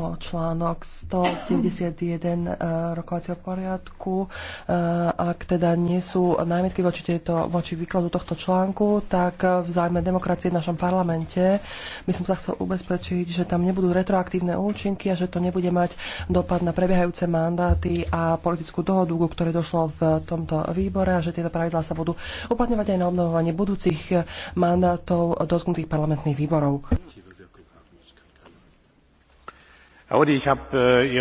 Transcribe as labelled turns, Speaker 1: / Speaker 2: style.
Speaker 1: o článok 191 e, rokovacieho poriadku. E, ak teda nie sú námietky voči, tejto, voči výkladu tohto článku, tak v zájme demokracie v našom parlamente by som sa chcel ubezpečiť, že tam nebudú retroaktívne účinky a že to nebude mať dopad na prebiehajúce mandáty a politickú dohodu, ktoré došlo v tomto výbore a že tieto pravidlá sa budú uplatňovať aj na obnovovanie budúcich mandátov dotknutých parlamentných výborov
Speaker 2: herr audy ich habe äh,